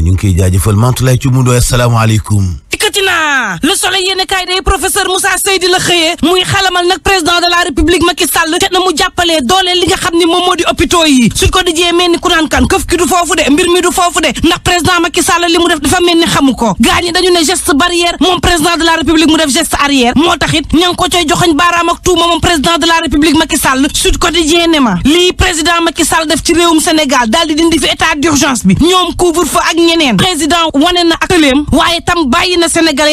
ñu ngi koy jaajëfal la ci mu doy asalaamaaleykum ah le soleil yéen a kaay day professeur Moussa Seydi la xëyee muy xalamal nag président de la république Macky Sall mu jàppalee dooleel li nga xam ni moom moo di yi suñ ko dijee mel kan këf ki du foofu de mbir mi du foofu de ndax président Macky li mu def dafa mel xamu ko gaañ dañu ne geste barrière moom président de la république mu def geste ma lii président Macky def ci réewum Sénégal daal di dindi fi état d'urgence bi ñoom couvre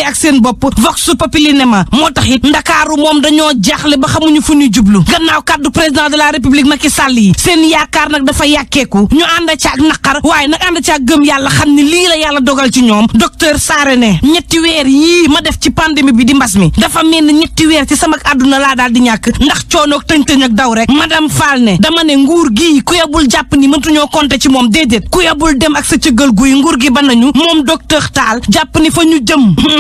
bàyyi ak seen bopp vox populi ne ma moo tax it ndakaaru moom dañoo jaaxle ba xamuñu fu ñuy jublu kannaaw kàddu président de la république ki sàll yi seen yaakaar nag dafa yàkkeeku ñu ànd ci ak naqar waaye nag ànd ci ak gëm yàlla xam ni lii la yàlla dogal ci ñoom docteur Saare ne ñetti weer yii ma def ci pandémie bi di mbas mi dafa mel ni ñetti weer ci sama àdduna laa daal di ñàkk ndax coonoog tëñ-tëñ ak daw rek madame Fall ne dama ne nguur gii ku yebul jàpp ni mëntuñoo compter ci moom déedéet ku yebul dem ak sa cëggal guy nguur gi ba nañu moom docteur Tall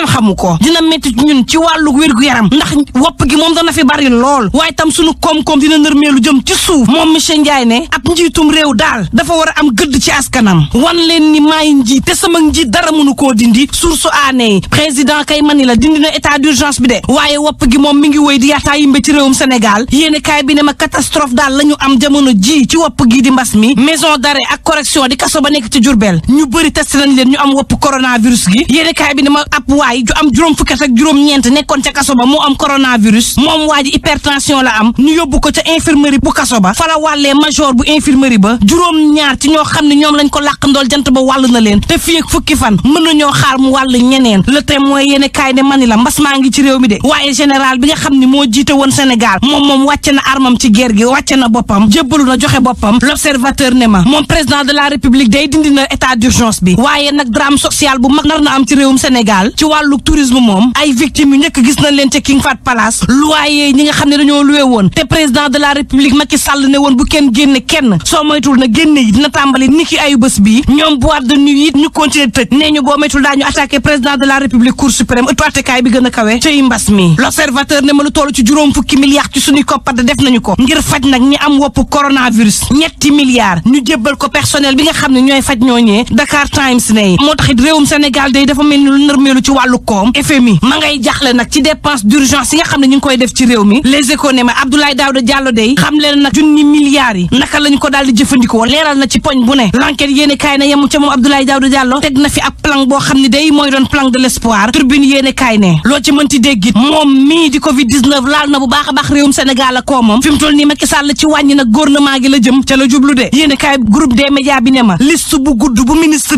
kenn xamu ko dina métti ñun ci wàllu wér-gu-yaram ndax wopp gi moom dana fi bari lool waaye tam sunu koom-koom dina nërmeelu jëm ci suuf moom monsieur Ndiaye ne ab njiitum réew daal dafa war a am gëdd ci askanam wan leen ni maay njiit te sama njiit dara mënu koo dindi source aanee président kay mani la dindi na état d'urgence bi de waaye wopp gi moom mi ngi woy di yaataa yimbe ci réewum Sénégal yéene kaay bi ne ma catastrophe daal la am jamono ji ci wopp gi di mbas mi maison d'arrêt ak correction di kaso ba nekk ci Jurbel ñu bëri waay ju am juróom fukki at juróom-ñeent nekkoon ca kaso ba moo am coronavirus moom waa ji hypertension la am ñu yóbbu ko ca infirmerie bu kaso ba fala wàllee major bu infirmerie ba juróom-ñaar ci ñoo xam ne ñoom lañ ko làq ndool jant ba wàll na leen te fii ak fukki fan mën nañoo xaar mu wàll ñeneen le témoin yéen kaay ne mani la mbas maa ngi ci réew mi de waaye général bi nga xam ne moo jiite woon senegal moom moom wàcce na armam ci guerre gi wàcce na boppam jébbalu na joxe boppam l'observateur ne ma moom président de la république day dindi état d'urgence bi waaye nag drame social bu mag am ci réewum Sénégal wàllu tourisme moom ay victimes yu njëkk gis nañ leen ca King Fahd Palace loyer ñi nga xam ne dañoo loué woon te président de la république Macky Sall ne woon bu kenn génne kenn soo moytul na génne yi dina tàmbali ni ki bi ñoom boîte de nuit ñu continuer tëj nee ñu boo moytul daañu attaqué président de la république cour suprême ëttu attekaay bi gën a kawe cay mbas mi l'observateur ne ma lu toll ci juróom fukki milliards ci suñuy ko ngir faj nag ñi am bi nga xam ne wàllu koom FMI ma ngay jaaxle nag ci dépense d'urgence yi nga xam ne ñu ngi day xam leen nag junni milliards yi naka lañ ko daal di jëfandikoo na fi ab plan boo xam ne day mooy doon plan de l'espoir turbine yéene kaay ne loo ci mënti déggit moom mii di covid 19 laal na bu baax baax réewum Sénégal ak koomam fi toll nii Macky Sall ci wàññi nag gouvernement gi la jëm ca la jublu de yéene kaay groupe des médias bi ne ma liste bu gudd bu ministre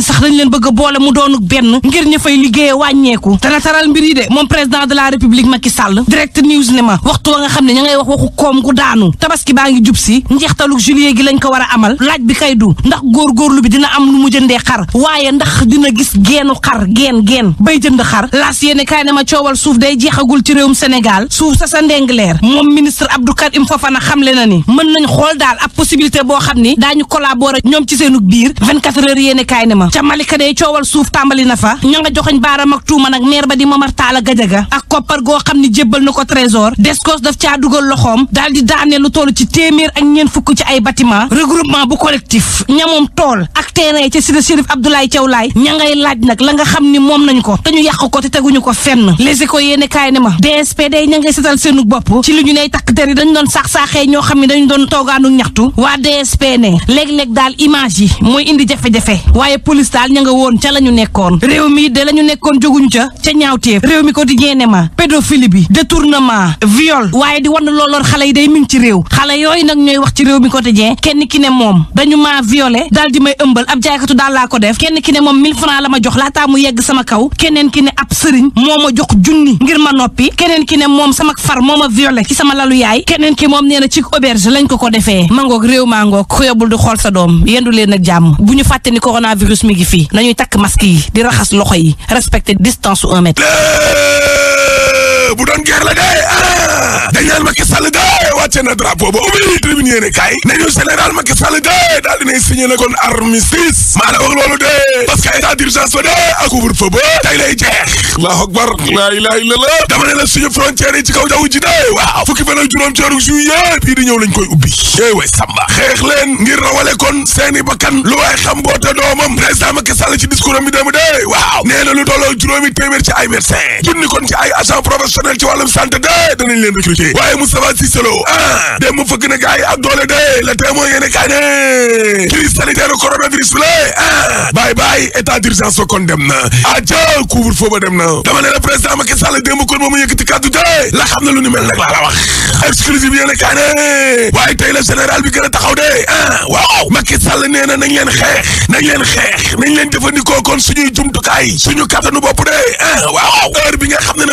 xam sax dañ leen bëgg a boole mu doonu benn ngir ña fay liggéeye wàññeeku dana taral mbir de moom président de la république Macky Sall direct news ne ma waxtu wa nga xam ne ña ngay wax waxu koom gu daanu tabaski baa ngi jub si njeextaluk juillet gi lañ ko war a amal laaj bi kay du ndax lu bi dina am lu mu jënde xar waaye ndax dina gis geenu xar geen geen bay jënd xar laas yéene kaay ne ma coowal suuf day jeexagul ci réewum Sénégal suuf sa sa ndeng leer moom ministre Abdou Karim Fofana xamle na ni mën nañ xool daal ab possibilité boo xam ni daañu collaborer ñoom ci seenu biir 24 heures jàmm ca Malika day coowal suuf tàmbali na fa ña nga joxoñ baaram ak tuuma nag maire ba di Momar a Gajaga ak koppar goo xam ni jébbal na ko trésor descos daf caa dugal loxoom dal di daane lu toll ci téeméer ak ñeen fukk ci ay bâtiment regroupement bu collectif ñamoom tool ak terrain ca Cité Chérif Abdoulaye Thiaw Laye ña ngay laaj nag la nga xam ni moom nañ ko te yàq ko te teguñu ko fenn Les Échos yéene kaay ne ma DSP day ña ngay setal seenu bopp ci li ñu ney takk der yi dañu doon saax ñoo xam ne dañu doon toogaanu ñaxtu waa DSP ne léeg daal image yi mooy indi jafe police daal ña nga woon ca la ñu nekkoon réew mi de la ñu nekkoon jóguñu ca ca ñaawteef réew mi quotidien ne ma pédophilie bi détournement viol waaye di wan looloon xale day mi ci réew xale yooyu nag ñooy wax ci réew mi quotidien kenn ki ne moom dañu maa violé daal di may ëmbal ki ne moom 1000 francs la ma jox laataa mu yegg sama kaw keneen ki ne ab sëriñ moo ma jox junni ngir ma noppi keneen ki ne moom sama far moo ma violé ci sama lalu yaay keneen ki moom nee na ci auberge lañ ko ko defee mangoog réew mangoog ku virus mi ngi fii nañuy takk masque yi di raxas loxo yi respecter distance su un mètre. bu doon guerre la de. dañ naan Macky Sall da wàcce na drapeau ba ubbi tribune yéene kaay nañu général Macky Sall da daal dinay signé na kon armistice maa la wax loolu de parce que état d'urgence ba de ak couvre-feu ba tey lay jeex allahu akbar laa ilaaha illallah dama ne la suñu frontière yi ci kaw jaww ji de waaw fukki fan ak juróom ci weeru juillet bii di ñëw lañ koy ubbi ey eh way samba xeex leen ngir rawale kon seeni bakkan lu waay xam boote doomam président Macky Sall ci discours am bi dem de waaw nee na lu tolloo juróomi téeméer ci ay médecin junni kon ci ay agent professionnel ci wàllum santé de danañ leen leen recruter waaye Moustapha Cissé Lo ah dem mu fëgg na gars yi ak de la témoin yéene kaay ne crise sanitaire coronavirus bi la ah bye bye état d'urgence ba kon dem na aja couvre feu ba dem na dama ne la président Macky Sall démb kon ba mu yëkkati kàddu de la xam na lu ni mel nag laa la wax exclusive yéene kaay ne waaye tey la général bi gën a taxaw de ah waaw Macky Sall nee na nañ leen xeex nañ leen xeex nañ leen jëfandikoo kon suñuy jumtukaay suñu kattanu bopp de ah waaw heure bi nga xam ne de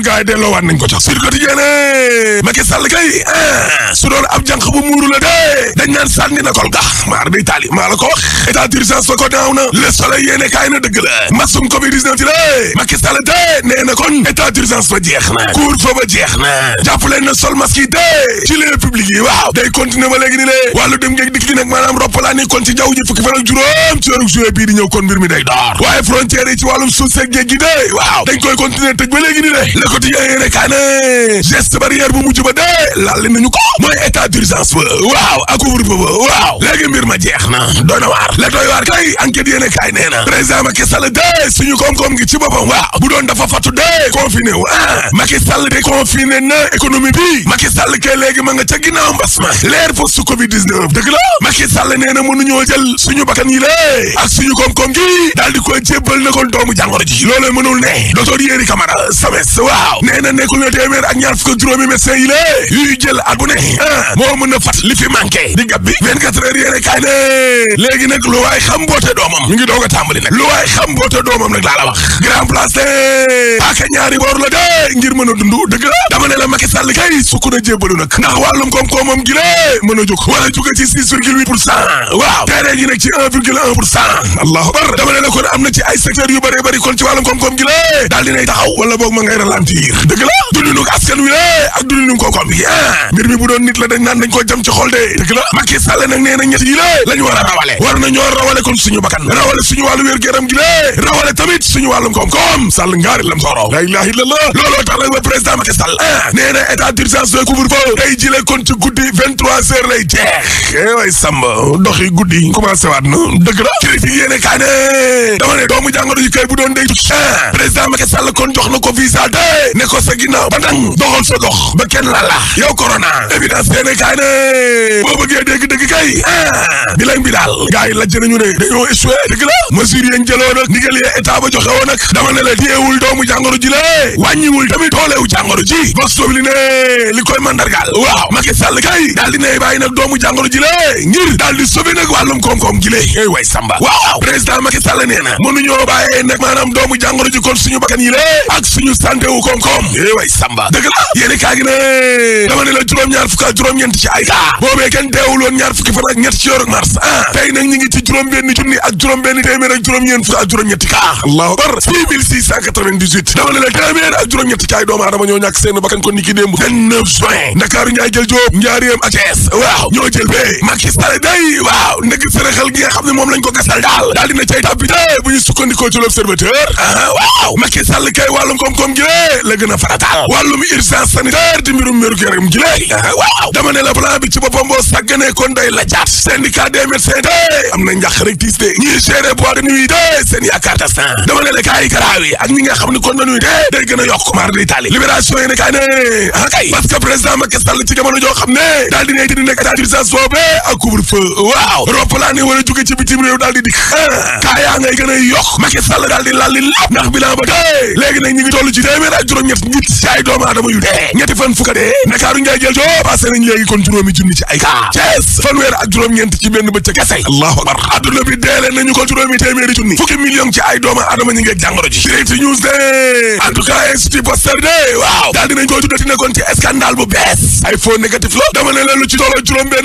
kon gars yi delloowaat nañ ko ca sur quotidien Macky Sall kay ah, su doon ab jànq bu muuru la de dañ naan sànni na kol gax maar day taali maa la ko wax état d'urgence ba ko naaw na le soleil yéene kaay na dëgg la masum covid 19 ci la Macky Sall de nee na kon état d'urgence ba jeex na couvre-feu ba jeex na jàpp leen na sol masque yi de ci les publics yi waaw day continuer ba léegi ni le wàllu dem ngeeg waaye frontières ci wàllum suuf seeg géej de waaw dañ koy continuer ba léegi ni le quotidien yéene kaa ne geste barrière bu mujj ba dee laal nañu ko mooy état d'urgence ba waaw ak couvre-feu ba waaw léegi mbir ma jeex na doy na waar la doy waar kay enquête yéene kaay nee na président Macky Sall de suñu koom-koom gi ci boppam waaw bu doon dafa fattu de confiné wu ah Macky Sall de confiné na économie bi Macky Sall ke léegi ma nga ca ginnaaw mbas ma leer fa su covid 19 dëgg la Macky Sall nee na mënuñoo jël suñu bakkan yi lée ak suñu koom-koom gi daal di waaw nee na nekkul ne téeméer ak ñaar fukk juróomi médecin yi lé yuy jël at bu ne ah moo mën a fat li fi manqué di bi 24 heures yéene kaay ne léegi nag lu waay xam boote doomam ñu ngi doog a tàmbali nag lu waay xam boote doomam nag laa la wax grand place de paaka ñaari boor la de ngir mën a dund dëgg la dama ne la Macky Sall kay sukk na jébbalu nag ndax wàllum koom-koomam gi lé mën a jóg war a jóge ci 6 virgule 8 pour cent waaw teeree gi nag ci 1 virgule 1 pour cent am na ci ay secteurs yu bëree bëri kon ci wàllum koom-koom gi lé daal dinay wala boog ma ngay rala sentir dëgg la dundinu askan wi le ak dundinu kookam bi mbir mi bu doon nit la dañ naan dañ ko jam ci xol de dëgg la Macky Sall nag nee na ñett yi lée la ñu war a rawale war na ñoo rawale kon suñu bakkan rawale suñu wàllu wér-gu-yaram gi lée rawale tamit suñu wàllum koom-koom Sall ngaari lam sooro la ilaha illallah looloo tax nag ba président Macky Sall ah nee na état d'urgence de couvre-feu day kon ci guddi 23 lay jeex eh way samba doxi guddi commencé waat ne ko sa ginnaaw ba dang doxal sa dox ba kenn la la yow corona évidence yéene kaay ne boo bëggee dégg kay ah bi lañ bi daal gars yi lajj nañu ne dañoo échoué dëgg la mesure yéen jëloo nag ndigal yee état ba joxe woon nag dama ne la téyeewul doomu jàngoro ji la wàññiwul tamit dooleewu jàngoro ji vox li ne li koy mandargaal waaw Macky Sall kay daal di ne bàyyi nag doomu jàngoro ji la ngir daal di sauver nag wàllum koom-koom gi la ey eh way samba waaw président Macky Sall nee na mënuñoo bàyyee nag maanaam doomu jàngoro ji kon suñu bakkan yi la ak suñu santé wàllu koom-koom eh way samba dëgg la yéeni kaa gi la juróom-ñaar fukk juróom-ñeent ci boobee kenn deewul woon ñaar fukki fan ak ñett mars ah tey ñi ngi ci juróom benn junni ak juróom ñetti kaa allahu la téeméer ak juróom-ñetti ci ay doomu ñoo ñàkk seen bakkan ko ni ki démb 29 juin ndakaaru ñaay jël joob njaaréem ak Thiès waaw ñoo jël bee Macky Sall day waaw ndëgg sërëxal gi nga xam ne moom lañ ko gasal daal daal dina cay tàbbi la gën a farataal ah. wàllum urgence sanitaire di mbirum méru yaram gi lay ah, waaw dama ne la plan bi ci boppam boo sàgganee kon day la jaat syndicat des médecins te am na njàq rek tiis de ñiy gérer bois de nuit de seen yaakaar tas na dama ne la kaay garaaw ak ñi nga xam ne kon dañuy de day gën a yokk maar di tali libération ne kaay ne ah président Macky Sall ci jamono joo xam ne daal di ne dina nekk a jóge ci bitim réew daal di dikk kaa yaa a ak juróom-ñett nit ci ay doomu aadama yu dee ñetti fan fukka dee Ndakaaru njaay jël joo passé nañ léegi kon juróomi junni ci ay kaa Thiès fanweer ak juróom-ñeent ci benn bëccëg kese allahu akbar adduna bi deelee nañu ko juróomi téeméeri junni fukki million ci ay doomu aadama ñu ngeeg jàngoro ji direct news de en tout cas institut Pasteur de waaw daal dinañ koo tuddati nekkoon ci scandale bu bees ay faux négatif la dama ne leen lu ci tolloo juróom-benn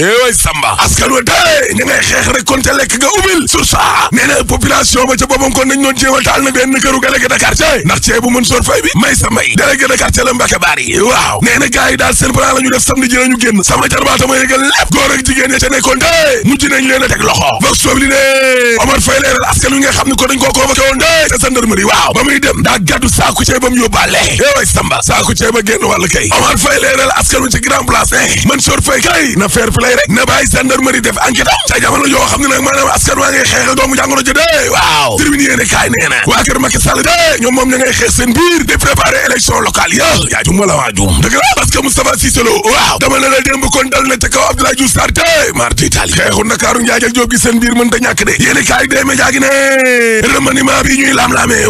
way samba askan wa daale ñu ngay xeex rek kon te lekk ga umil sur sa ba ca boppam kon nañ doon jéema taal na benn këru délégué de quartier ndax cee bu mën soor fay bi may sa may délégué de quartier la Mbacke Bari waaw nee na daal seen plan ñu def samedi ji la ñu génn sama jarbaata ma yëgal lépp góor ak jigéen ña ca nekkoon dee mujj nañ leen a teg loxo vox sob ko dañ koo convoqué woon dee waaw ba muy dem daa gàddu saaku ceeb ba mu yóbbaale way samba saaku may rek na bàyyi gendarmerie def enquête ca jamono yoo xam ne nag maanaam askan waa ngay doomu jàngoro ja dee waaw tribune yéene kaay nee na waa kër Macky Sall dee ñoom moom ña ngay xeex seen biir ya jum wala waa jum dëgg la parce que Moustapha waaw dama ne la démb kon dal na ca kaw Abdoulaye Diouf te mar d'Italie xeexu Ndakaaru njaaj ak Jóob gi seen biir de yéene kaay dee jaagi ne remaniement bi ñuy laam-laamee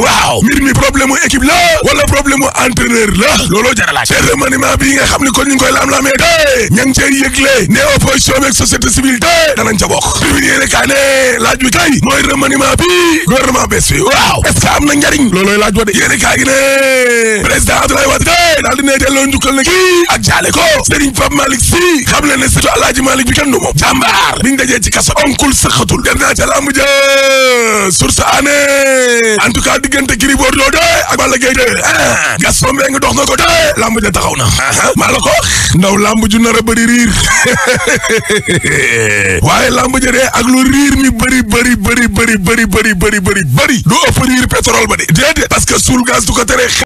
laam-laamee de ña ngi opposition beeg société civile de danañ ca bokk tribune yéene kaa ne laaj bi kay mooy remaniement bi gouvernement bees bi waaw est-ce que am loolooy laaj wa de yéene kaa gi président Abdoulaye Wade de daal di ne delloo na kii ak jaale ko Serigne Pape Malick Sy xam leen ne surtout Alaaji Malick bi kenn du moom jàmbaar biñ ci kaso onkul sëqatul dem naa ca lamb ja source ané en tout cas diggante Gris Bordeaux de ak Balla Gaye de ah, Gaston Mbengue dox na ko de lamb ja taxaw na ah, ah. a waaye lamb jëdee ak lu riir mi bëri bëri bëri bëri bëri bëri bëri bëri bëri du ëpp riir pétrole ba de déedéet parce que suul gaz du ko tere